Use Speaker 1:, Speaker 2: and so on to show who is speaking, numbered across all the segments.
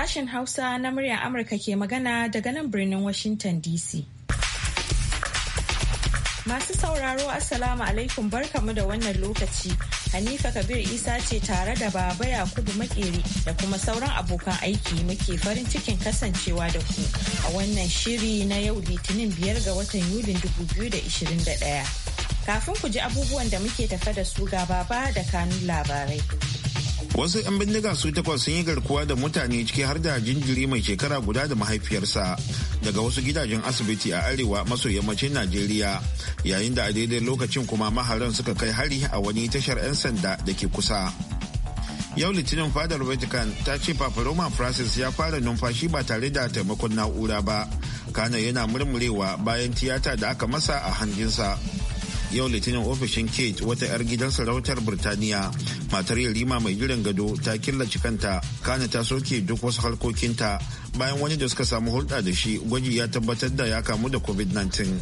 Speaker 1: Sashen Hausa na muryar Amurka ke magana daga nan birnin Washington DC. Masu sauraro Assalamu alaikum barkamu da wannan lokaci. Hanifa Kabir Isa ce tare da Baba Yakubu Makeri da kuma sauran abokan aiki muke farin cikin kasancewa da ku a wannan shiri na yau Litinin biyar ga watan Yulin 2021. Kafin ku ji abubuwan da muke tafa da su ga baba da kanun labarai.
Speaker 2: wasu 'yan bindiga su takwas sun yi garkuwa da mutane ciki har da jinjiri mai shekara guda da mahaifiyarsa daga wasu gidajen asibiti a arewa maso yammacin najeriya yayin da a daidai lokacin kuma maharan suka kai hari a wani tashar 'yan sanda da ke kusa yau litinin fadar vatican ta ce papa roma francis ya fara numfashi ba tare da taimakon na'ura ba kana yana murmurewa bayan tiyata da aka masa a hanjinsa. yau litinin ofishin kate wata 'yar gidan sarautar birtaniya matar yarima mai jiran gado ta killace kanta kana ta soke duk wasu harkokinta bayan wani da suka samu hulɗa da shi gwaji ya tabbatar da ya kamu da covid-19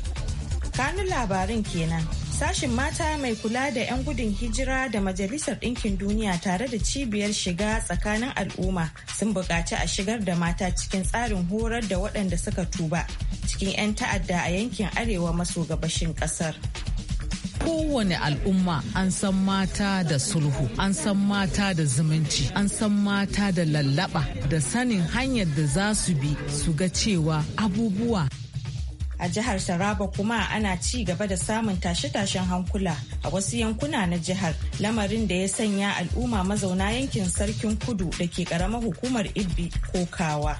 Speaker 1: kanun labarin kenan sashin mata mai kula da 'yan gudun hijira da majalisar ɗinkin duniya tare da cibiyar shiga tsakanin al'umma sun buƙaci a shigar da mata cikin tsarin horar da waɗanda suka tuba cikin 'yan ta'adda a yankin arewa maso gabashin ƙasar kowane al'umma
Speaker 3: an san mata da sulhu an san mata da zumunci an san mata da lallaba
Speaker 1: da sanin hanyar da za su bi su ga cewa abubuwa a jihar Taraba kuma ana ci gaba da samun tashe-tashen hankula a wasu yankuna na jihar lamarin da ya sanya al'umma mazauna yankin sarkin kudu da ke karama hukumar Ibbi kokawa.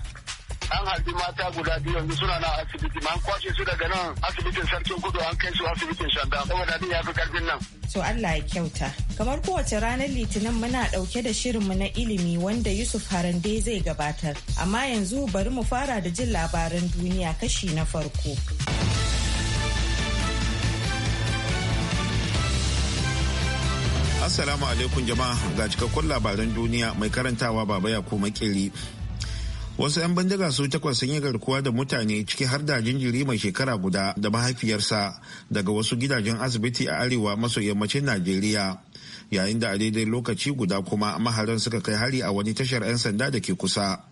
Speaker 4: harbi mata guda biyu yanzu suna na asibiti ma an kwashe su daga nan asibitin sarkin kudu an kai su asibitin shanda saboda abin ya fi karfin nan.
Speaker 1: To Allah ya kyauta. Kamar kowace ranar Litinin muna dauke da shirinmu na ilimi wanda Yusuf Harande zai gabatar. Amma yanzu bari mu fara da jin labaran duniya kashi na farko.
Speaker 2: Assalamu alaikum jama'a ga cikakkun labaran duniya mai karantawa baba ya ko makeri. wasu 'yan bindiga su takwas sun yi garkuwa da mutane ciki har da jinjiri mai shekara guda da mahaifiyarsa daga wasu gidajen asibiti a arewa maso yammacin najeriya yayin da a daidai lokaci guda kuma maharan suka kai hari a wani tashar 'yan sanda da ke kusa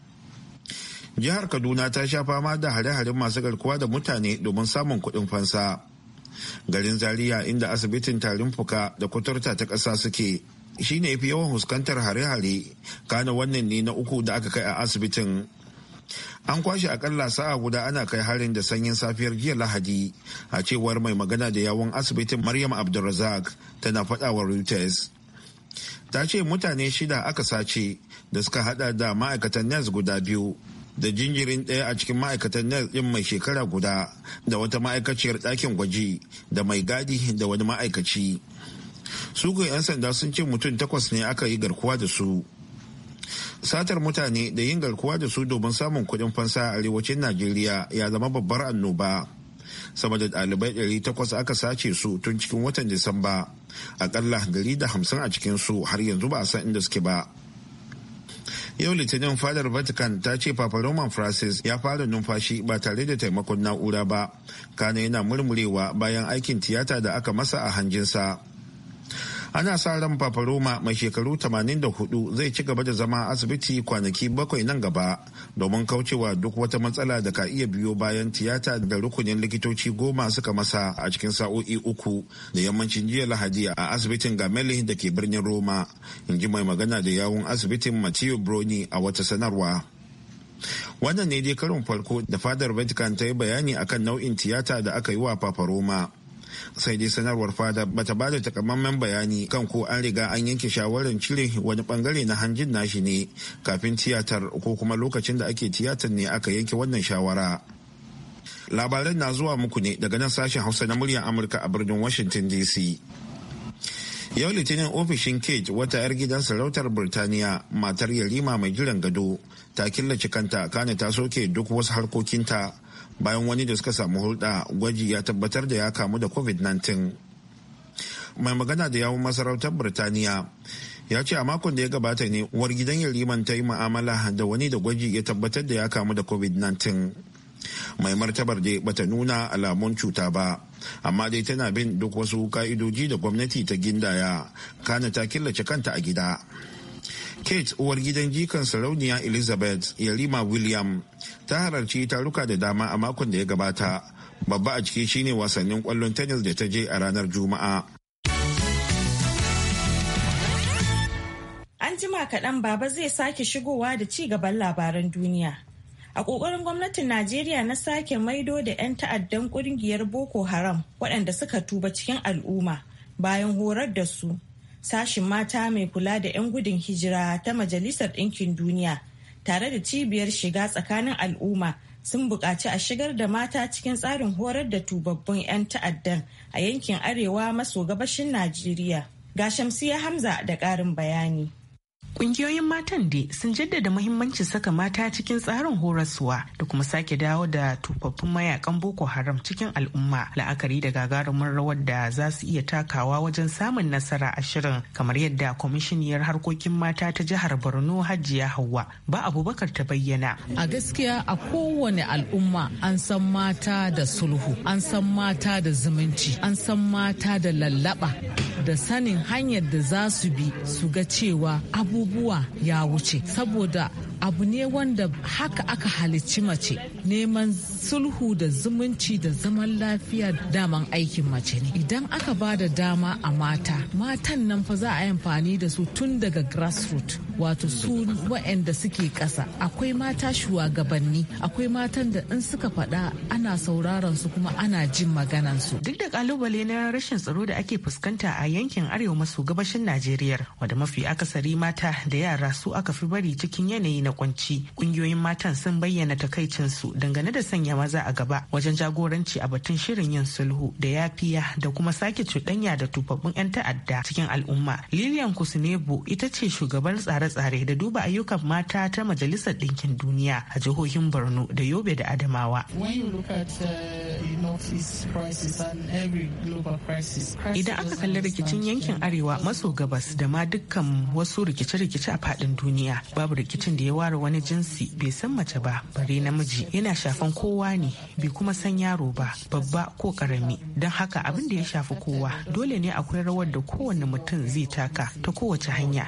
Speaker 2: jihar kaduna ta sha fama da hare-haren masu garkuwa da mutane domin samun kuɗin fansa garin zaria inda asibitin tarin fuka da kuturta ta ƙasa suke shine ya fi yawan fuskantar hare-hare kana wannan ne na uku da aka kai a asibitin an kwashe akalla sa'a guda ana kai harin da sanyin safiyar jiya lahadi a cewar mai magana da yawon asibitin maryam abdulrazak tana faɗawa reuters ta ce mutane shida aka sace da suka hada da ma'aikatan nes guda biyu da jinjirin ɗaya a cikin ma'aikatan nes ɗin mai shekara guda da wata ma'aikaciyar ɗakin gwaji da mai gadi da wani ma'aikaci su 'yan sanda sun ce mutum takwas ne aka yi garkuwa da su satar mutane da yin garkuwa da su domin samun kuɗin fansa a arewacin najeriya ya zama babbar annoba sama da ɗalibai 800 aka sace su tun cikin watan disamba akalla gari da hamsin a cikinsu har yanzu ba a san inda suke ba yau litinin fadar vatican ta ce papa roman francis ya fara numfashi ba tare da taimakon na'ura ba kana yana murmurewa bayan aikin tiyata da aka masa a hanjinsa ana sa ran roma mai shekaru 84 zai ci gaba da zama asibiti kwanaki bakwai nan gaba domin kaucewa duk wata matsala da ka iya biyo bayan tiyata da rukunin likitoci goma suka masa a cikin sa'o'i uku da yammacin jiya lahadi a asibitin gameli da ke birnin roma in ji mai magana da yawun asibitin matthew broni a wata sanarwa wannan ne dai karin farko da fadar vatican ta yi bayani akan nau'in tiyata da aka yi wa roma sai dai sanarwar fada bata ba da takamaiman bayani kan ko an riga an yanke shawarar cire wani bangare na hanjin nashi ne kafin tiyatar ko kuma lokacin da ake tiyatar ne aka yanke wannan shawara labaran na zuwa muku ne daga nan sashen hausa na muryar amurka a birnin washington dc yau litinin ofishin kate wata 'yar gidan sarautar birtaniya matar yarima mai jiran gado ta killace kanta kane ta soke duk wasu harkokinta bayan wani da suka samu hulɗa gwaji ya tabbatar da ya kamu da covid-19 mai magana da yawun masarautar birtaniya ya ce a makon da ya gabata ne uwar gidan yariman ta yi ma'amala da wani da gwaji ya tabbatar da ya kamu da covid-19 mai martabar da bata nuna alamun cuta ba amma dai tana bin duk wasu ka'idoji da gwamnati ta gindaya kana ta killace kanta a gida kate uwar gidan jikan sarauniya elizabeth yarima william ta halarci taruka da dama a makon da ya gabata babba a ciki shine wasannin kwallon tennis da ta je a ranar juma'a
Speaker 1: an jima kaɗan baba zai sake shigowa da ci gaban labaran duniya a ƙoƙarin gwamnatin najeriya na sake maido da 'yan ta'addan ƙungiyar boko haram waɗanda suka tuba cikin al'umma bayan horar da su sashin mata mai kula da 'yan gudun hijira ta Majalisar Ɗinkin Duniya tare da cibiyar shiga tsakanin al'umma sun buƙaci a shigar da mata cikin tsarin horar da tubabbun 'yan ta'addan a yankin arewa maso gabashin Najeriya. Ga Shamsiya Hamza da ƙarin bayani. Ƙungiyoyin matan dai sun jaddada muhimmanci
Speaker 3: saka mata cikin tsarin horaswa da kuma sake dawo da tufaffin mayakan Boko Haram cikin al'umma la'akari da gagarumin rawar da za su iya takawa wajen samun nasara a shirin kamar yadda kwamishiniyar harkokin mata ta jihar Borno Hajiya Hauwa ba Abubakar ta bayyana. A gaskiya a kowane al'umma an san mata da sulhu, an san mata da zumunci, an san mata da lallaba da sanin hanyar da za su bi su ga cewa abu abubuwa ya wuce saboda abu ne wanda haka aka halicci mace neman sulhu da zumunci da zaman lafiya daman aikin mace ne idan aka ba da dama a mata matan nan fa za a yi amfani da su tun daga grassroot wato su waɗanda suke ƙasa akwai mata shugabanni akwai matan da in suka faɗa ana sauraron su kuma ana jin maganan su duk da kalubale na rashin tsaro da ake fuskanta a yankin arewa maso gabashin najeriya wadda mafi akasari mata da yara su aka fi bari cikin yanayi na kwanci kungiyoyin matan sun bayyana takaicinsu dangane da sanya maza a gaba wajen jagoranci a batun shirin yin sulhu da yafiya da kuma sake cuɗanya da tufaffin 'yan ta'adda cikin al'umma lilian kusnebo ita ce shugaban tsare-tsare da duba ayyukan mata ta majalisar ɗinkin duniya a jihohin borno da yobe da adamawa uh, idan aka kalli rikicin yankin arewa maso gabas da ma dukkan wasu rikice-rikice a faɗin duniya babu rikicin da ya ware wani jinsi bai san mace ba bare namiji yana shafan kowa ne bai kuma san yaro ba babba ko karami don haka abin da ya shafi kowa dole ne akwai rawar da kowane mutum zai taka ta kowace hanya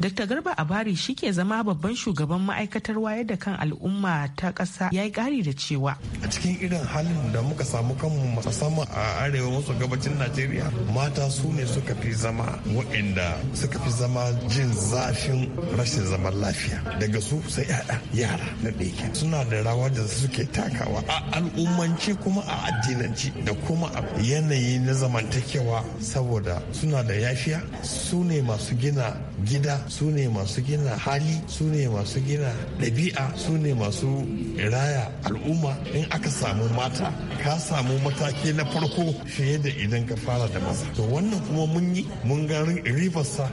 Speaker 3: Dr. Garba Abari shi ke zama babban shugaban ma'aikatar wayar da kan al'umma ta ƙasa ya yi ƙari da cewa. A
Speaker 4: cikin irin halin da muka samu kanmu musamman a arewa maso gabacin Najeriya mata su ne suka fi zama waɗanda suka fi zama jin zafin rashin zaman lafiya daga su sai yada yara na ɗaya suna da rawa da suke takawa a al'ummanci kuma a addinanci da kuma a yanayi na zamantakewa saboda suna da yafiya su ne masu gina gida su ne masu gina hali su ne masu gina ɗabi'a su ne masu raya al'umma in aka samu mata ka samu mataki na farko fiye da idan ka fara da maza to wannan kuma mun yi mun gangarin
Speaker 3: ribarsa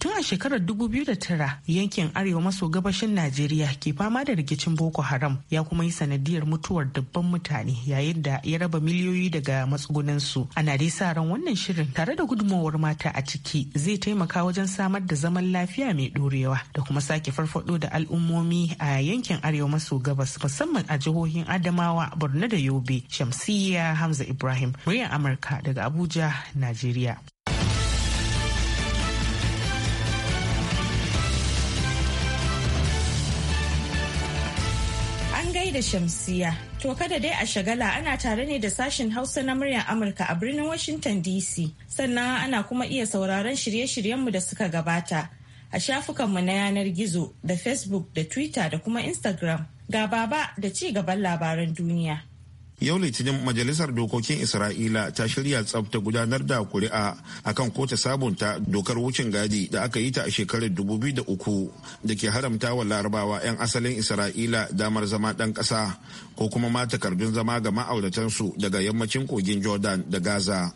Speaker 3: Tun a shekarar 2009 yankin arewa maso gabashin Najeriya ke fama da rikicin Boko Haram ya kuma yi sanadiyar mutuwar dabban mutane yayin da ya raba miliyoyi daga matsugunansu. Ana dai sa ran wannan shirin tare da gudunmowar mata a ciki zai taimaka wajen samar da zaman lafiya mai ɗorewa, da kuma sake farfado da al'ummomi a yankin arewa maso gabas musamman a jihohin Adamawa, Borno da Yobe. Shamsiyya Hamza Ibrahim, muryar Amurka daga Abuja, Najeriya.
Speaker 1: da Shamsiya. To kada dai a shagala ana tare ne da sashen Hausa na muryar Amurka a birnin Washington DC. Sannan ana kuma iya sauraron shirye-shiryenmu da suka gabata a shafukanmu na yanar gizo da Facebook da Twitter da kuma Instagram. Ga baba da ci gaban labaran duniya.
Speaker 2: yau litinin majalisar dokokin isra'ila ta shirya tsab gudanar da kuri'a akan ko ta sabunta dokar wucin gadi da aka yi ta a shekarar 2003 da ke haramta wa larabawa 'yan asalin isra'ila damar zama ɗan ƙasa ko kuma ma takardun zama ga ma'auratansu daga yammacin kogin jordan da gaza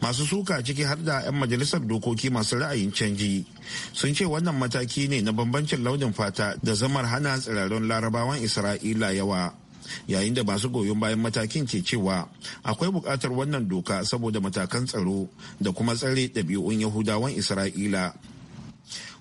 Speaker 2: masu suka ciki har da 'yan majalisar dokoki masu ra'ayin canji sun ce wannan mataki ne na bambancin launin fata da zamar hana tsirarun larabawan isra'ila yawa yayin da masu goyon bayan matakin ke cewa akwai bukatar wannan doka saboda matakan tsaro da kuma tsare ɗabi'un yahudawan isra'ila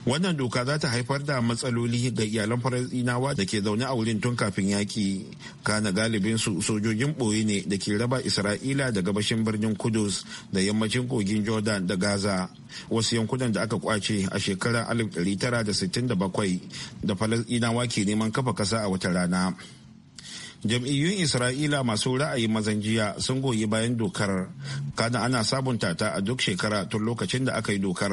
Speaker 2: wannan doka za ta haifar da matsaloli ga iyalan falasɗinawa da ke zaune a wurin tun kafin yaki. kana galibin su sojojin ɓoye ne da ke raba isra'ila da gabashin birnin kudus da yammacin kogin jordan da gaza wasu yankunan da aka kwace a shekarar 1967 da falasɗinawa ke neman kafa kasa a wata rana jam'iyyun isra'ila masu ra'ayi mazan jiya sun goyi bayan dokar kada ana sabunta ta a duk shekara tun lokacin da aka yi dokar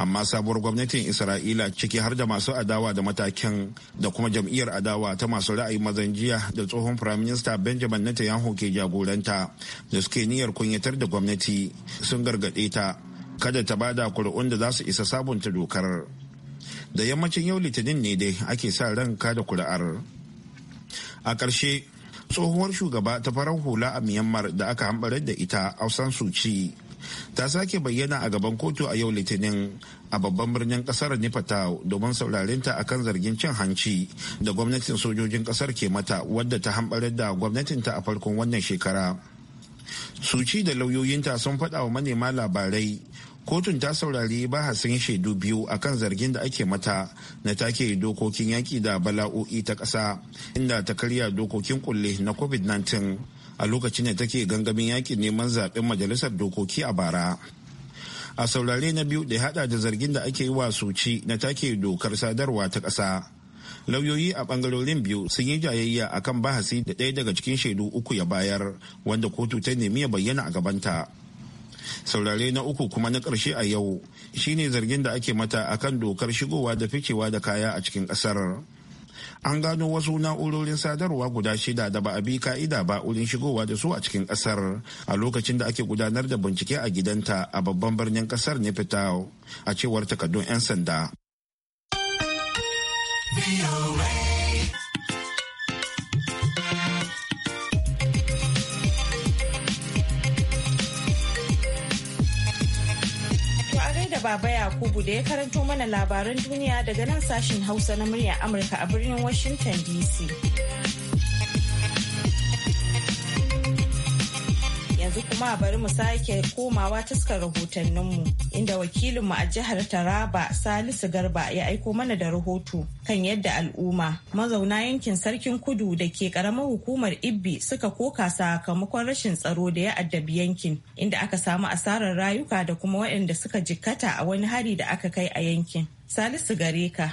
Speaker 2: amma sabuwar gwamnatin isra'ila ciki har da masu adawa da matakin da kuma jam'iyyar adawa ta masu ra'ayi mazan jiya da tsohon firaminista benjamin netanyahu ke jagoranta da suke niyyar kunyatar da gwamnati sun gargaɗe ta kada ta bada kuri'un da za su isa sabunta dokar da yammacin yau litinin ne dai ake sa ran kada kuri'ar a ƙarshe tsohuwar shugaba ta farar hula a myanmar da aka hambarar da ita ausan suci ta sake bayyana a gaban kotu a yau litinin a babban birnin kasar nipatau domin saurarinta a kan zargin cin hanci da gwamnatin sojojin kasar ke mata wadda ta hambarar da gwamnatin ta a farkon wannan shekara suci da lauyoyinta sun faɗa wa manema labarai kotun ta saurari bahasin shaidu biyu akan zargin da ake mata na take dokokin yaƙi da bala'o'i ta ƙasa inda ta karya dokokin kulle na covid-19 a lokacin da take gangamin yaƙin neman zaɓen majalisar dokoki a bara a saurare na biyu da hada da zargin da ake yi wa suci na take dokar sadarwa ta ƙasa lauyoyi a bangarorin biyu sun yi jayayya akan bahasi da ɗaya daga cikin shaidu uku ya bayar wanda kotu ta nemi ya bayyana a gabanta saurare na uku kuma na ƙarshe a yau shine zargin da ake mata akan dokar shigowa da ficewa da kaya a cikin ƙasar an gano wasu na'urorin sadarwa guda shida da ba a bi ka'ida ba wurin shigowa da su a cikin kasar a lokacin da ake gudanar da bincike a gidanta a babban birnin ƙasar fita a cewar takardun 'yan sanda.
Speaker 1: Baba Yakubu da ya karanto mana labaran duniya daga nan sashin Hausa na murya Amurka a birnin Washington DC. yanzu kuma bari mu sake komawa taskar rahotanninmu inda wakilinmu a jihar Taraba Salisu Garba ya aiko mana da rahoto kan yadda al'umma mazauna yankin Sarkin Kudu da ke karamar hukumar Ibbi suka koka sakamakon rashin tsaro da ya addabi yankin inda aka samu asarar rayuka da kuma waɗanda suka jikkata a wani hari da aka kai a yankin. Salisu gare ka.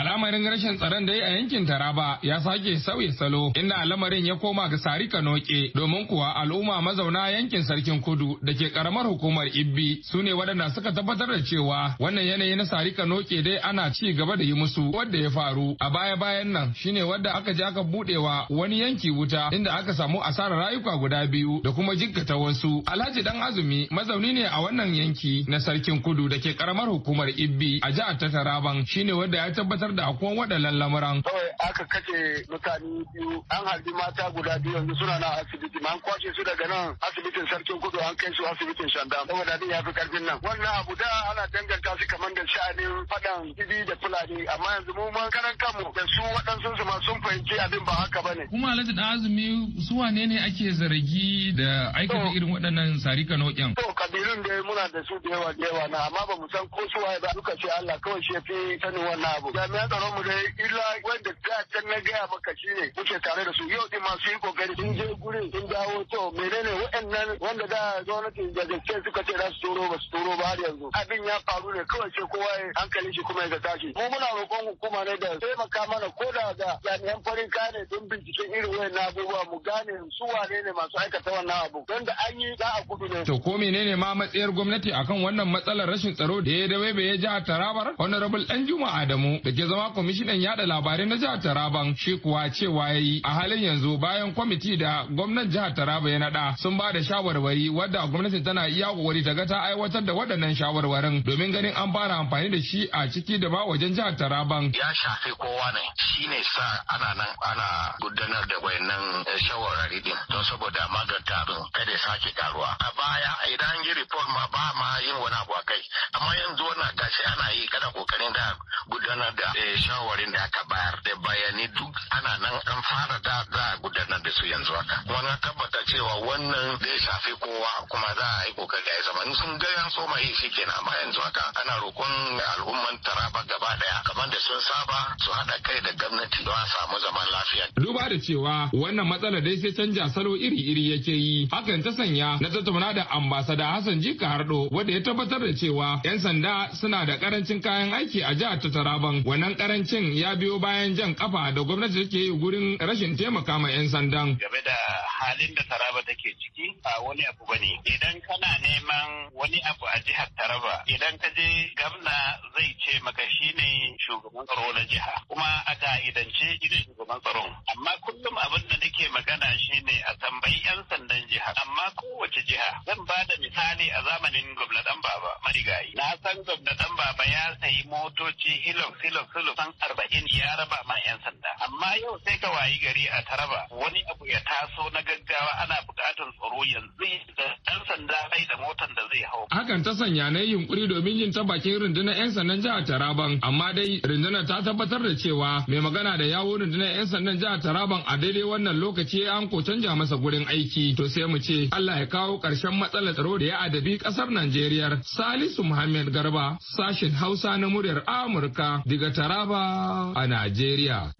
Speaker 5: Alamarin rashin tsaron da ya a yankin Taraba ya sake sauye salo inda alamarin ya koma ga Sari Kanoke domin kuwa al'umma mazauna yankin Sarkin Kudu da ke karamar hukumar Ibbi su ne waɗanda suka tabbatar da cewa wannan yanayi na Sari Kanoke dai ana ci gaba da yi musu wadda ya faru a baya bayan nan shine wadda aka je aka budewa wani yanki wuta inda aka samu asarar rayuka guda biyu da kuma jikkata wasu. Alhaji Dan Azumi mazauni ne a wannan yanki na Sarkin Kudu da ke karamar hukumar Ibbi a jihar ta Taraban shine wadda ya tabbatar tabbatar da akwai waɗannan lamuran.
Speaker 4: Kawai aka kace mutane biyu an harbi mata guda biyu yanzu suna na asibiti ma an kwashe su daga nan asibitin sarkin kudu an kai su asibitin shandam saboda din ya fi karfin nan. Wannan abu da ana danganta su kamar da sha'anin faɗan bibi da fulani amma yanzu mu man karan
Speaker 5: kanmu da su waɗansu su ma sun fahimci abin ba haka ba ne. Kuma Alhaji da azumi su wane ne ake zargi da aikata irin waɗannan sarika nau'in? To kabilun dai muna da su da yawa
Speaker 4: da yawa na amma ba mu san ko su waye ba duka ce Allah kawai shi ya fi sanin wannan abu. jami'an tsaron mu dai illa wanda ta can na gaya maka shi ne muke tare da su yau din masu yi kokari sun je gurin sun dawo to menene waɗannan wanda da gwamnatin jajjace suka ce za su turo ba su turo ba har yanzu abin ya faru ne kawai sai kowa ya hankali shi kuma ya tashi mu muna roƙon hukuma ne da taimaka mana ko da ga jami'an farin kane don binciken irin wayannan abubuwa mu gane su wane ne masu aikata wannan abu don da an yi za a gudu ne
Speaker 5: to ko menene ma matsayar gwamnati akan wannan matsalar rashin tsaro da ya dawe bai ya ji a tarabar honorable dan juma'a adamu da ke zama kwamishinan yada labarai na jihar taraba shi kuwa cewa yayi a halin yanzu bayan kwamiti da gwamnan jihar Taraba ya naɗa sun ba da shawarwari wadda gwamnati tana iya kokari ta ga ta aiwatar da waɗannan shawarwarin domin ganin an fara amfani da shi a ciki da ba wajen jihar Taraban. Ya shafi
Speaker 4: kowa ne shine sa ana nan ana gudanar da wayannan eh, shawarwari din don saboda maganta abin kada ya sake karuwa. A baya idan yi report ma ba ma yin wani abu a kai amma yanzu wannan gashi ana yi kada kokarin da gudanar da Eh, shawarin da aka bayar da bayani duk ana nan an fara da za a gudanar da su yanzu haka kuma na tabbata cewa wannan zai shafi kowa kuma za a yi kokari a yi zama sun ga yan soma yi shikenan amma yanzu haka ana roƙon al'umman taraba gaba daya kamar da sun saba su haɗa
Speaker 5: kai da gwamnati don a samu zaman lafiya. duba da cewa wannan matsalar dai sai canja salo iri-iri yake yi hakan ta sanya na tattauna da ambasada hassan jika hardo wanda ya tabbatar da cewa 'yan sanda suna da karancin kayan aiki a jihar ta taraban wannan karancin ya biyo bayan jan kafa da gwamnati take yi gurin rashin taimaka ma 'yan sandan. Game da halin
Speaker 4: da Taraba take ciki ba wani abu ba ne. Idan kana neman wani abu a jihar Taraba, idan ka je gamna zai ce maka shi ne shugaban tsaro na jiha. Kuma a ka'idance gidan shugaban tsaro Amma kullum abin da nake magana shi ne a tambayi 'yan sandan jiha. Amma kowace jiha zan ba da misali a zamanin gwamna dan baba
Speaker 2: marigayi. Na san gwamna dan baba ya sayi motoci hilux hilux hilux san arba'in ya raba ma 'yan sanda. Amma yau sai ka wayi gari a Taraba wani abu ya taso na gaggawa ana buƙatar tsaro yanzu da ɗan sanda bai da motar da zai hau.
Speaker 5: Hakan ta sanya na yi yunkuri domin yin ta bakin rundunar 'yan sandan jihar Taraban amma dai rundunar ta tabbatar da cewa mai magana da yawo rundunar 'yan sandan jihar Taraban a daidai wannan lokaci an ko canja masa gurin aiki to sai mu ce Allah ya kawo ƙarshen matsalar tsaro da ya adabi ƙasar Najeriya. Salisu Muhammad Garba sashen Hausa na muryar Amurka daga Taraba a Najeriya.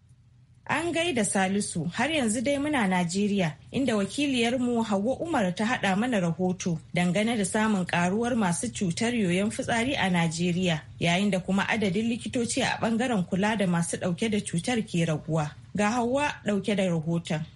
Speaker 1: An gaida Salisu har yanzu dai muna Najeriya inda wakiliyarmu Hauwa Umar ta haɗa mana rahoto dangane da samun karuwar masu cutar yoyon fitsari a Najeriya yayin da kuma adadin likitoci a ɓangaren kula da masu ɗauke da cutar ke raguwa. Ga Hauwa ɗauke da rahoton.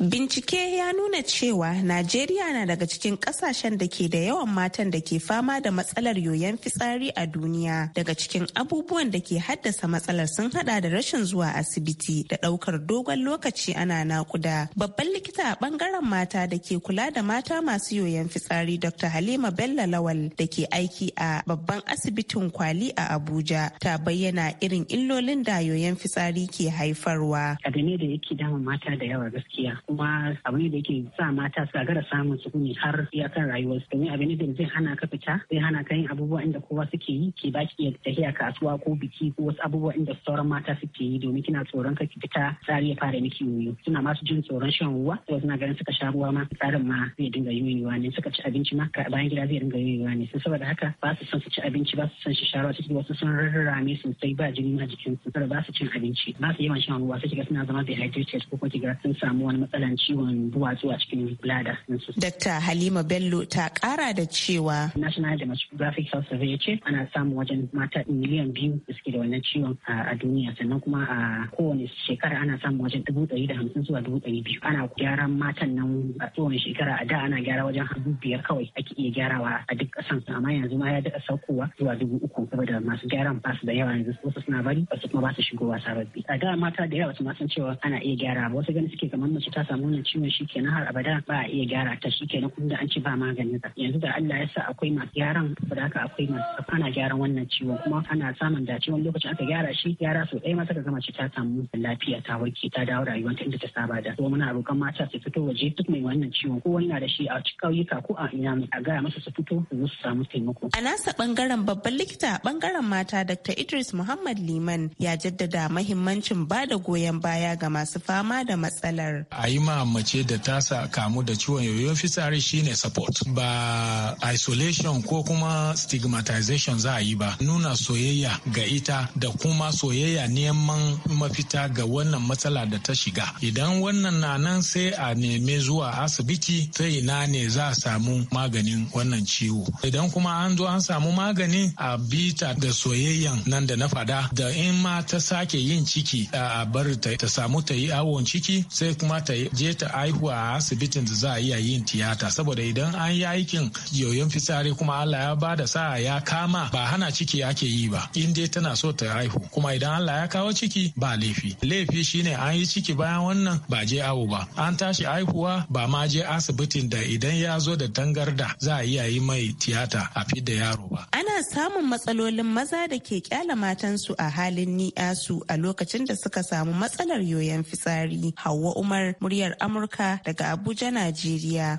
Speaker 1: Bincike ya nuna cewa Najeriya na daga cikin kasashen da ke da yawan matan da ke fama da matsalar yoyon fitsari a duniya. Daga cikin abubuwan da ke haddasa matsalar sun hada da rashin zuwa asibiti da daukar dogon lokaci ana nakuda. Babban likita a bangaren mata da ke kula da mata masu yoyon fitsari Dr. Halima Bello Lawal da ke aiki a babban asibitin Kwali a Abuja ta bayyana irin illolin da yoyon
Speaker 6: fitsari ke haifarwa. Abu da yake mata yawa gaskiya. kuma abu ne da yake sa mata su gagara samun sukuni har iyakar rayuwarsu domin abu ne da zai hana ka fita zai hana ka yin abubuwa inda kowa suke yi ke baki iya tafiya kasuwa ko biki ko wasu abubuwa inda sauran mata suke yi domin kina tsoron ka fita tsari ya fara miki yoyo suna masu jin tsoron shan ruwa sai suna ganin suka sha ruwa ma tsarin ma zai dinga yoyowa ne suka ci abinci ma bayan gida zai dinga yoyowa ne sun saboda haka ba su son su ci abinci ba su son su sha ruwa suke wasu sun rarrame sosai ba jini ma jikin su ba su cin abinci ba su yawan shan ruwa sai kiga suna zama dehydrated ko kuma kiga sun samu wani matsala matsalan ciwon duwatsu a cikin bladder ɗinsu. Dakta Halima Bello ta kara da cewa. National Demographic Health Survey ce ana samun wajen mata miliyan biyu da suke da wannan ciwon a duniya sannan kuma a kowane shekara ana samun wajen dubu ɗari da hamsin zuwa dubu ɗari biyu. Ana gyaran matan nan a tsohon shekara a da ana gyara wajen dubu biyar kawai ake iya gyarawa a duk ƙasan amma yanzu ma ya daɗa saukowa zuwa dubu uku saboda masu gyaran ba su da yawa yanzu wasu suna bari wasu kuma ba su shigowa sababbi. A da mata da yawa su ma san cewa ana iya gyara wasu gani suke kamar mace ta samu wannan ciwon shi kenan har abada ba a iya gyara ta shi kenan kuma da an ci ba maganin ta yanzu da Allah ya sa akwai masu gyaran da haka akwai masu ana gyaran wannan ciwon kuma ana samun da ciwon lokacin aka gyara shi gyara so ɗaya masa ka gama ci ta samu lafiya ta warke ta dawo rayuwa ta inda ta saba da kuma muna roƙon mata su fito waje duk mai wannan ciwon ko wani na da shi a ƙauyuka ko a ina a gaya masa su fito su su samu taimako.
Speaker 1: A nasa bangaren babban likita bangaren mata Dr. Idris Muhammad Liman ya jaddada mahimmancin ba da goyon baya ga masu fama da matsalar.
Speaker 7: A a yi ma mace da ta kamu da ciwon yoyon fitsari shine support ba isolation ko kuma stigmatization za a yi ba nuna soyayya ga ita da kuma soyayya neman mafita ga wannan matsala da ta shiga idan wannan na nan sai a neme zuwa asibiti sai ina ne za a samu maganin wannan ciwo idan kuma an zo an samu magani a bita da soyayyan nan da na fada da in ma ta sake yin ciki a bar ta samu ta yi awon ciki sai kuma ta je ta aihuwa a asibitin da za a iya yin tiyata saboda idan an yi aikin yoyon fitsari kuma Allah ya bada sa'a ya kama ba hana ciki ake yi ba in dai tana so ta haihu kuma idan Allah ya kawo ciki ba laifi laifi shine an yi ciki bayan wannan ba je awo ba an tashi haihuwa ba ma je asibitin da idan ya zo da tangarda za a iya yi mai tiyata a fidda yaro
Speaker 1: ba ana samun matsalolin maza da ke kyala matansu a halin ni'asu a lokacin da suka samu matsalar yoyon fitsari Hauwa Umar muryar Amurka daga Abuja, Najeriya.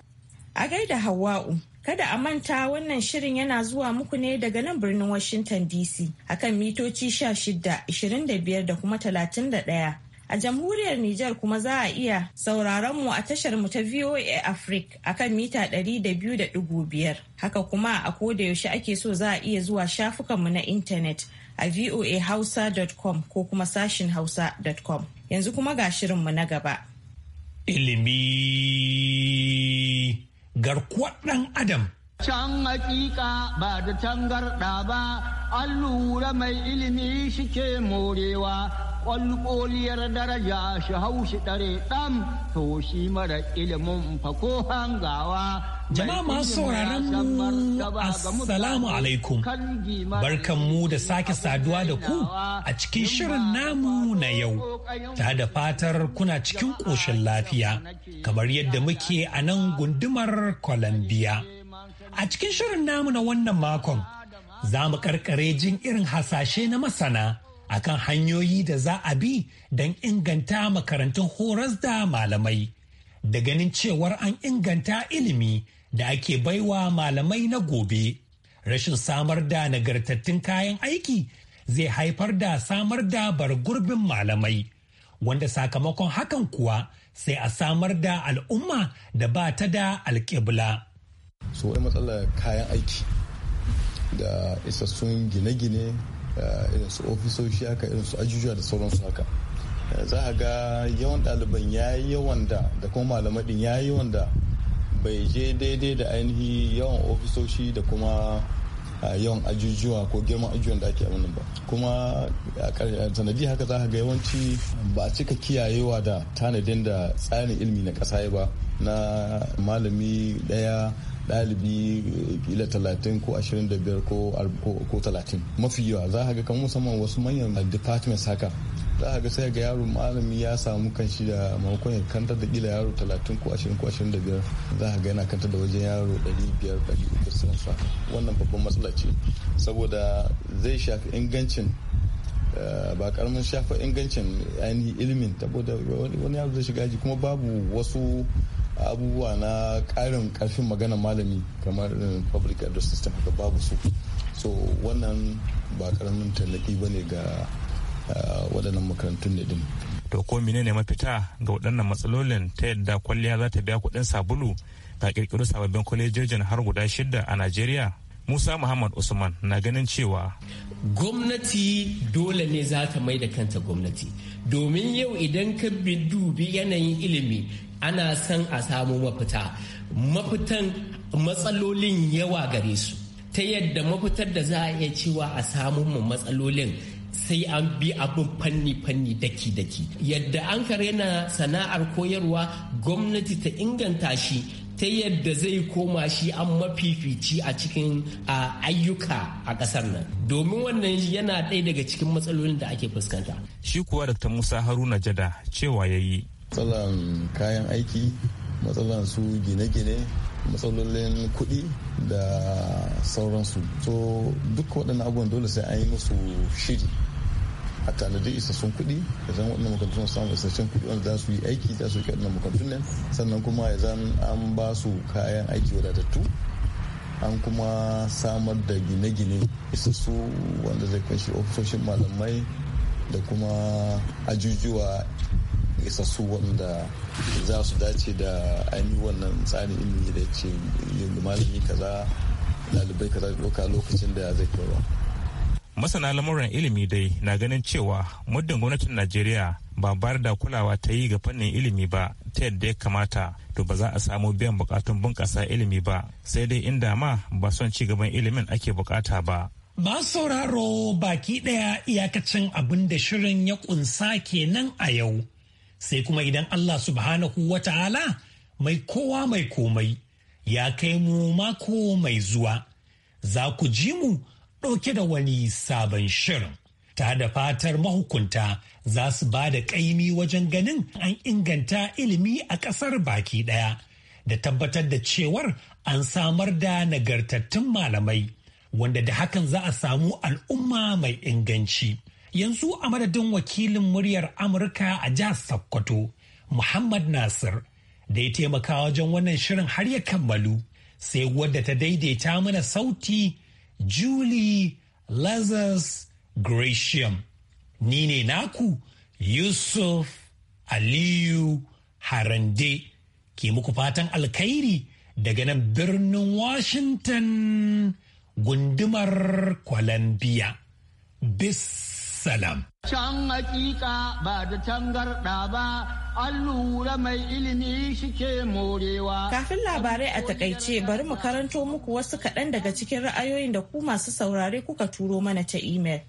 Speaker 1: A gaida Hawa'u, kada a manta wannan shirin yana zuwa muku ne daga nan birnin Washington DC akan mitoci 16, 25 da kuma 31. A jamhuriyar Nijar kuma za a iya sauraron mu a tashar mu ta VOA Africa akan mita 200.5. Haka kuma a koda yaushe ake so za a iya zuwa shafukanmu na intanet a voahausa.com ko kuma sashin hausa.com. Yanzu kuma ga shirinmu na gaba.
Speaker 8: ilimi garkuwar ɗan adam.
Speaker 1: Can hakika ba da
Speaker 4: tangarɗa ba, an lura mai ilimi shike morewa, ƙwalƙoliyar daraja shi haushi ɗare ɗan, to shi mara ilimin
Speaker 7: fako hangawa. Jama'a masu sauraron mu assalamu alaikum.
Speaker 8: Barkan mu da sake saduwa da ku a
Speaker 7: cikin shirin namu
Speaker 8: na yau. Ta da fatar kuna cikin ƙoshin lafiya kamar yadda muke a nan gundumar kolambiya A cikin shirin namu na wannan makon za mu karkare jin irin hasashe na masana akan hanyoyi da za a bi don inganta makarantun horas da malamai. Da ganin cewar an inganta ilimi da ake baiwa malamai na gobe. Rashin samar da nagartattun kayan aiki zai haifar da samar da bargurbin malamai, wanda sakamakon hakan kuwa sai a samar da al'umma
Speaker 4: da ba ta da alƙibla. So, matsalar kayan aiki da isassun gine-gine eh, irin su ofisoshi haka irin su ajujuwa da sauransu haka eh, za a ga yawan ɗaliban ya yi yawan da da kuma malamai ya yi yawan da bai je daidai da ainihi yawan ofisoshi da kuma yawan ajujuwa ko girman ajujuwan da ake abin ba kuma sanadi haka za a ga yawanci ba a cika kiyayewa da tanadin da tsarin ilimi na ƙasa ba na malami ɗaya ɗalibi eh, kila talatin ko ashirin da biyar ko talatin mafi yawa za ka ga kan musamman wasu manyan departments haka za a ga sai ga yaro malami ya samu kanshi da maimakon ya kantar da kila yaro talatin ko ashirin ko ashirin da biyar za a ga yana kantar da wajen yaro 500 biyar sun sa wannan babban matsala ce saboda zai shafi ingancin eh, ba karamin shafa ingancin ainihin ilimin saboda wani yaro zai shiga kuma babu wasu abubuwa na karin karfin magana malami kamar public address system haka babu su so wannan ba karamin tallafi bane ga waɗannan
Speaker 7: makarantun ne din to ko menene mafita ga waɗannan matsalolin ta yadda kwalliya za ta biya kuɗin sabulu ga ƙirƙiro sababbin kwalejojin har guda shida a najeriya musa muhammad usman na ganin cewa
Speaker 3: gwamnati dole ne za
Speaker 7: ta mai da kanta gwamnati
Speaker 3: domin yau idan ka bi dubi yanayin ilimi ana son a samu mafita mafitan matsalolin yawa gare su ta yadda mafitar da za a iya cewa a samun matsalolin sai an bi abin fanni-fanni daki-daki yadda an karena sana'ar koyarwa gwamnati ta inganta shi ta yadda zai koma shi an mafifici a cikin ayyuka a ƙasar nan domin wannan yana ɗaya daga cikin matsalolin da ake fuskanta
Speaker 7: shi kuwa da dr musa haruna jada cewa ya yi matsalan kayan aiki matsalan
Speaker 4: su gine-gine matsalolin kuɗi da sauransu so duk waɗannan abubuwan dole sai an yi musu shiri a tanadi isassun kuɗi da zan waɗannan makarantun samun isassun kuɗi wanda za su yi aiki za su yi waɗannan makarantun nan sannan kuma ya zan an ba su kayan aiki wadatattu an kuma samar da gine-gine isassu wanda zai kunshi ofisoshin malamai da kuma ajujuwa isassu wanda za su dace da ainihin wannan tsarin ilimi da ce malami kaza ɗalibai kaza doka lokacin
Speaker 7: da zai kai masana lamuran ilimi dai na ganin cewa muddin gwamnatin najeriya ba bayar da kulawa ta yi ga fannin ilimi ba ta yadda ya kamata to ba za a samu biyan bukatun bunƙasa ilimi ba sai dai inda ma ba son ci gaban ilimin ake bukata ba
Speaker 8: ba sauraro baki ɗaya iyakacin abin da shirin ya ƙunsa kenan a yau, sai kuma idan Allah subhanahu wa ta'ala mai kowa mai komai ya kai mu mako mai zuwa, za ku ji mu ɗauke da wani sabon shirin. Ta da fatar mahukunta za su ba da ƙaimi wajen ganin an inganta ilimi a ƙasar baki ɗaya da tabbatar da cewar an samar da nagartattun malamai wanda da hakan za a samu al'umma mai inganci. Yanzu a madadin wakilin muryar Amurka a jihar Sokoto, Muhammad Nasir, da ya taimaka wajen wannan shirin har ya kammalu, sai wadda ta daidaita mana sauti. Julie Lazarus Gratiam. Ni ne naku Yusuf Aliyu Harande ke muku fatan alkhairi daga nan birnin Washington gundumar Columbia. Bis salam.
Speaker 4: Can hakika ba da tangarɗa ba, an lura mai ilimi shike morewa.
Speaker 1: Kafin labarai a takaice bari mu karanto muku wasu kaɗan daga cikin ra'ayoyin da ku masu saurare kuka turo mana ta imel.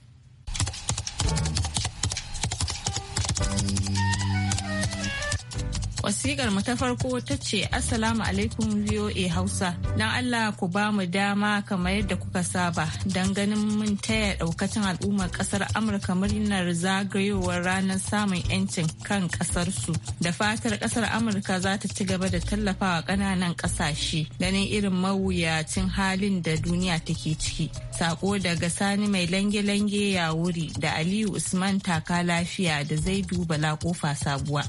Speaker 1: Wasiƙar mu ta farko ta ce Assalamu alaikum VOA Hausa. Don Allah ku ba mu dama kamar yadda kuka saba don ganin mun taya ɗaukacin al'ummar ƙasar Amurka murnar zagayowar ranar samun 'yancin kan su Da fatar ƙasar Amurka za ta ci gaba da tallafawa ƙananan ƙasashe ganin irin mawuyacin halin da duniya take ciki. Sako daga Sani mai lange-lange ya wuri da Aliyu Usman taka lafiya da Zaidu Bala kofa sabuwa.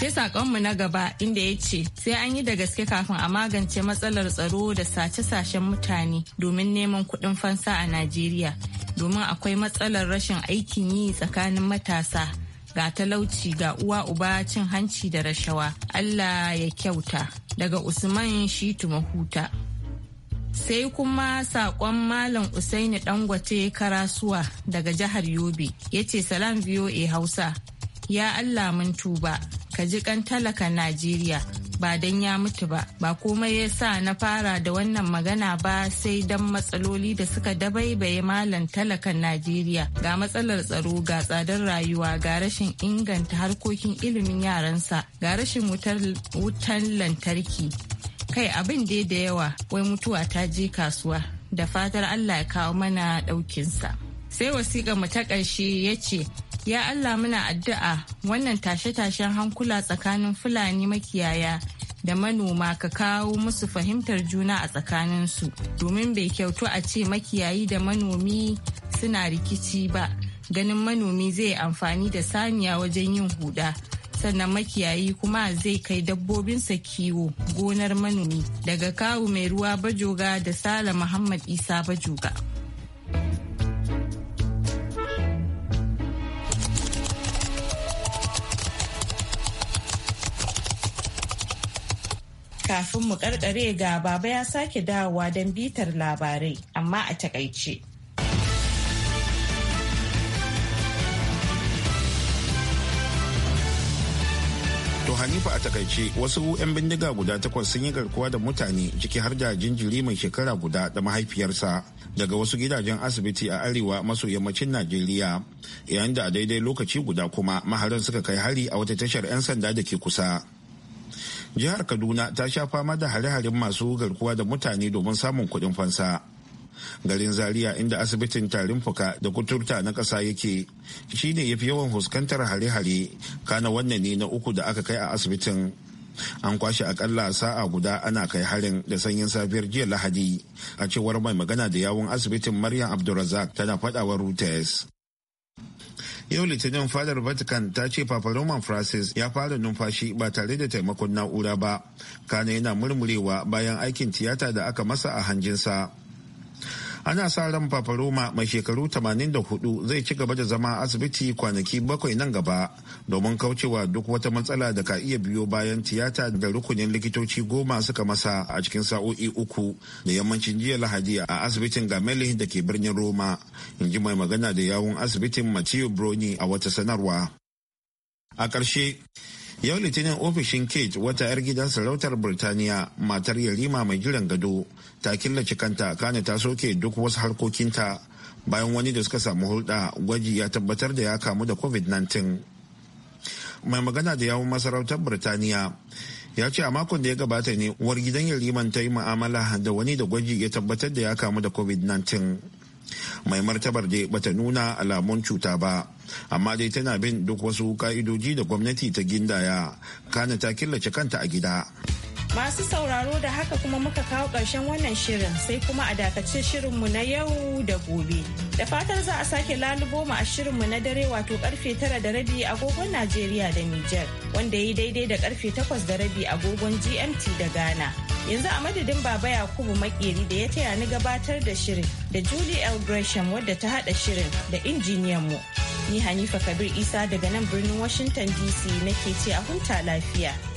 Speaker 1: sai sakonmu na gaba inda ya ce sai an yi da gaske kafin a magance matsalar tsaro da sace-sacen mutane domin neman kuɗin fansa a najeriya domin akwai matsalar rashin aikin yi tsakanin matasa ga talauci ga uwa uba cin hanci da rashawa allah ya kyauta daga usman shitu mahuta sai kuma sakon malam usaini dangote karasuwa daga jihar yobe ya ce salam voa hausa ya allah mun tuba ka ji talakan Najeriya ba don ya mutu ba ba komai ya sa na fara da wannan magana ba sai don matsaloli da suka dabaibaye malam talakan Najeriya ga matsalar tsaro ga tsadar rayuwa ga rashin inganta harkokin ilimin yaransa ga rashin wutan lantarki kai abin dai da yawa wai mutuwa ta je kasuwa da fatar Allah ya kawo mana ɗaukinsa. sai wasiƙa mu ta ƙarshe ya ce ya Allah muna addu'a wannan tashe-tashen hankula tsakanin Fulani makiyaya da manoma ka kawo musu fahimtar juna a tsakaninsu domin bai kyautu a ce makiyayi da manomi suna rikici ba ganin manomi zai amfani da saniya wajen yin huda sannan makiyayi kuma zai kai dabbobinsa kiwo gonar manomi daga kawu mai ruwa bajoga da sala muhammad isa bajoga Kafin mu karkare ga baba ya sake dawowa don bitar labarai, amma a takaice.
Speaker 2: To Hanifa a takaice wasu 'yan bindiga guda takwas sun yi garkuwa da mutane ciki har da jinjiri mai shekara guda da mahaifiyarsa daga wasu gidajen asibiti a arewa maso yammacin Najeriya yayin da a daidai lokaci guda kuma maharin suka kai hari a wata tashar 'yan sanda da ke kusa. jihar kaduna ta sha fama da hare-haren masu garkuwa da mutane domin samun kuɗin fansa garin zaria inda asibitin tarin fuka da kuturta na ƙasa yake shine yafi yawan fuskantar hare-hare kana wannan ne na uku da aka kai a asibitin an kwashe akalla sa'a guda ana kai harin da sanyin safiyar jiya lahadi a cewar mai magana da yawun asibitin maryam abdulrazak tana faɗawa reuters yau litinin fadar vatican ta ce papa roman francis ya fara numfashi ba tare da taimakon na'ura ba kana yana murmurewa bayan aikin tiyata da aka masa a hanjinsa ana sa ran paparoma mai shekaru 84 zai ci gaba da zama asibiti kwanaki bakwai nan gaba domin kaucewa duk wata matsala da ka iya biyo bayan tiyata da rukunin likitoci goma suka masa a cikin sa'o'i uku da yammacin jiya lahadi a asibitin gamele da ke birnin roma in ji mai magana da yawun asibitin matthew broni a wata sanarwa a ƙarshe yau litinin ofishin cage wata 'yar gidan sarautar birtaniya matar yarima mai jiran gado ta killace kanta kane ta soke duk wasu harkokinta bayan wani da suka samu hulɗa gwaji ya tabbatar da ya kamu da covid-19 mai magana da yawon masarautar birtaniya ya ce a makon da ya gabata ne uwar gidan yariman ta yi ma'amala da wani da gwaji ya tabbatar da ya kamu da covid-19 mai martabar dai bata nuna alamun cuta ba amma dai tana bin duk wasu ka'idoji da gwamnati ta gindaya kana ta killace kanta a gida
Speaker 1: Masu sauraro da haka kuma muka kawo ƙarshen wannan shirin sai kuma a dakace shirinmu na yau da gobe. Da fatar za a sake lalubo mu a shirinmu na dare wato karfe tara da rabi agogon Najeriya da Nijar wanda ya yi daidai da karfe takwas da rabi agogon GMT da Ghana. Yanzu a madadin Baba Yakubu Makeri da ya taya ni gabatar da shirin da Julie L. Gresham wadda ta hada shirin da injiniyan mu. Ni Hanifa Kabir Isa daga nan birnin Washington DC nake ce a hunta lafiya.